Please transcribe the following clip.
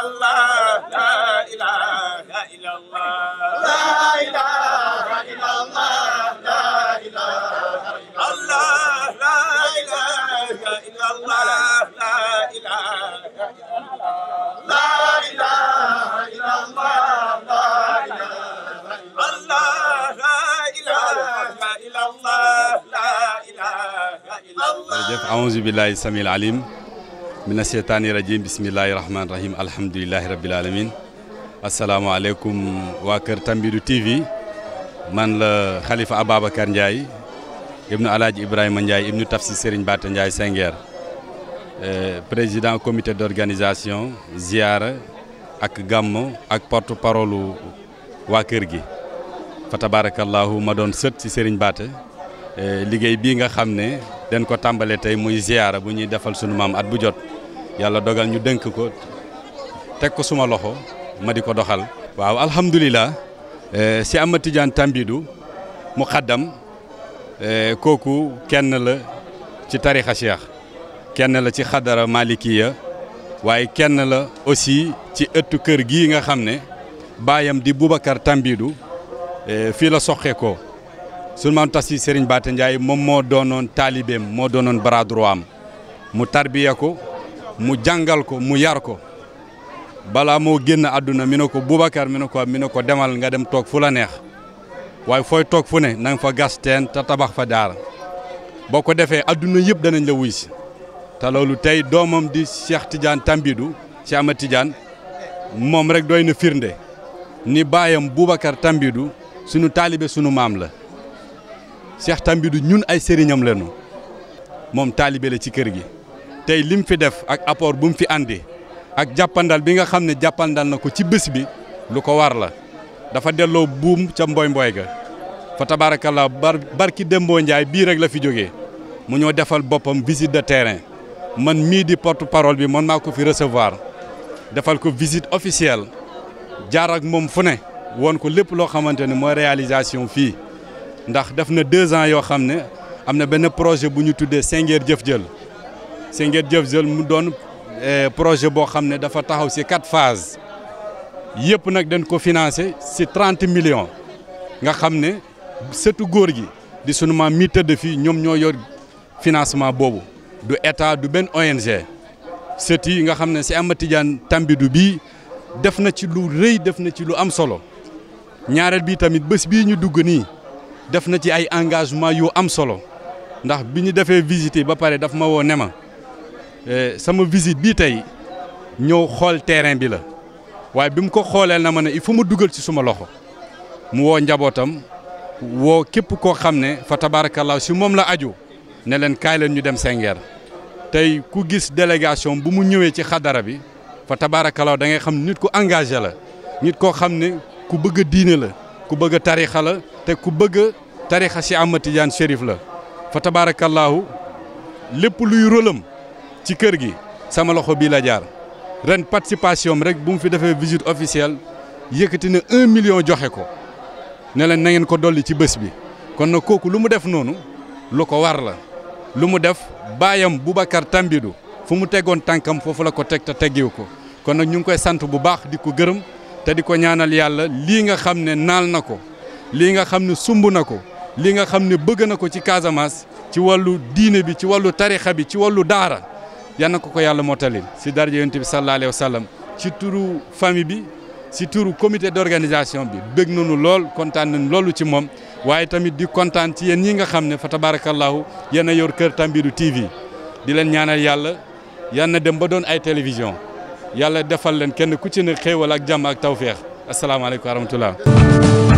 الله لا إله إلا الله لا إله إلا الله لا إله إلا الله لا إله إلا الله لا إله إلا الله لا إله إلا الله لا إله إلا الله لا إله إلا الله لا إله إلا الله jërëjëf أعوذ بالله السميع العليم mina seytaani rajim bisimillahi rahmaani rahim alhamdulilahi rabil alamin asalaamaaleykum waa kër Tambidou TV man la Khalifa Ababacar Ndiaye ibnu Alaaji Ibrahima Ndiaye ibnu Tafsi Serigne Bata Ndiaye Senghère euh, président comité d'organisation ziara ak gàmmo ak porte parole waa kër gi fa tabarakallahu ma doon sët ci Serigne Bata euh, liggéey bi nga xam ne den ko tàmbalee tey muy ziyaara bu ñuy defal sunu maam at bu jot yàlla dogal ñu dënk ko teg ko suma loxo ma di ko doxal. waaw alhamdulilah eh, si Ama Tidiane Tambidou mu xaddam eh, kooku kenn la ci tarixa cheikh kenn la ci xadara malikiya waaye kenn la aussi ci ëttu kër gi nga xam ne baayam di Boubacar Tambidou eh, fii la soqeekoo. sunu maam tas yi Serigne Baata Ndiaye moom moo doonoon taalibeem moo doonoon bras am mu tarbiya ko mu jàngal ko mu yar ko balaa moo génn àdduna mi ne ko Boubacar mi ne ko mi ne ko demal nga dem toog fu la neex waaye fooy toog fu ne na nga fa gas te tabax fa daara boo ko defee àdduna yëpp danañ la wuy si te loolu tey doomam di Cheikh Tidiane Tambidou Cheikh Ahmed Tidiane moom rek doy na firnde ni baayam Boubacar Tambidou sunu taalibe sunu maam la. Cheikh Tambidou ñun ay sëriñam lañu moom taalibe la ci kër gi tey li mu fi def ak apport bu mu fi andi ak jàppandal bi nga xam ne jàppandal na ko ci bés bi lu ko war la dafa delloo buum ca mbooy mbooy ga fa tabaarakallaa bar barki Dembo Ndiaye bii rek la fi jógee mu ñoo defal boppam visite de terrain man mii di porte parole bi man maa ko fi recevoir defal ko visite officielle jaar ak moom fu ne woon ko lépp loo xamante ne mooy réalisation fii. ndax def na 2 ans yo xamne amna ben projet bu ñu tuddee Senguer Jëf Jël Senguer Jëf Jël mu euh projet bo xamne dafa taxaw ci 4 phases yépp nak dañ ko financer ci 30 millions nga xamne setu goor gi di sunu ma mi teud fi ñom ñoy yor financement bobu du état du ben ONG setti nga xamne ci Amadou Tidiane Tambidou bi def na ci lu reuy def na ci lu am solo ñaaral bi tamit bëss bi ñu dugg ni Il na ci ay engagement yu am solo ndax biñu visiter, visiter ba paré daf ma eh, sama visite Il y, xol terrain bi la waye bimu ko na il faut ma ci suma loxo mu wo képp fa si mom la aju ñu dem Tay, ku gis délégation bu mu ñëwé ci khadara bi fa tabarakallah da la nit ko ku bëgg ku bëgg a tarixa la te ku bëgg a tarixa si Ahmad Tidiane Chérif la fa tabaarakallaahu lépp luy rôlam ci kër gi sama loxo bii la jaar ren participation rek bu mu fi defee visite officielle yëkkati na un million joxe ko ne leen na ngeen ko dolli ci bés bi kon na kooku lu mu def noonu lu ko war la lu mu def baayam Boubacar Tambidou fu mu tegoon tànkam foofu la ko teg te teggiwu ko kon nag ñu ngi koy sant bu baax di ko gërëm te di ko ñaanal yàlla lii nga xam ne naal na ko lii nga xam ne sumb na ko lii nga xam ne bëgg na ko ci Casamance ci wàllu diine bi ci wàllu tarixa bi ci wàllu daara yan na ko ko yàlla mottali si daraja yonent bi sallallahu alayhi wa ci turu famille bi si turu comité d'organisation bi bëgg nañu lool kontaan nañu loolu ci moom waaye tamit di kontaan ci yéen yi nga xam ne fa tabarakallahu yéen a yor kër Tambidou TV di leen ñaanal yàlla yan na dem ba doon ay télévision يالا دفال لن كن كوتشي نخي ولا جام اك السلام عليكم ورحمه الله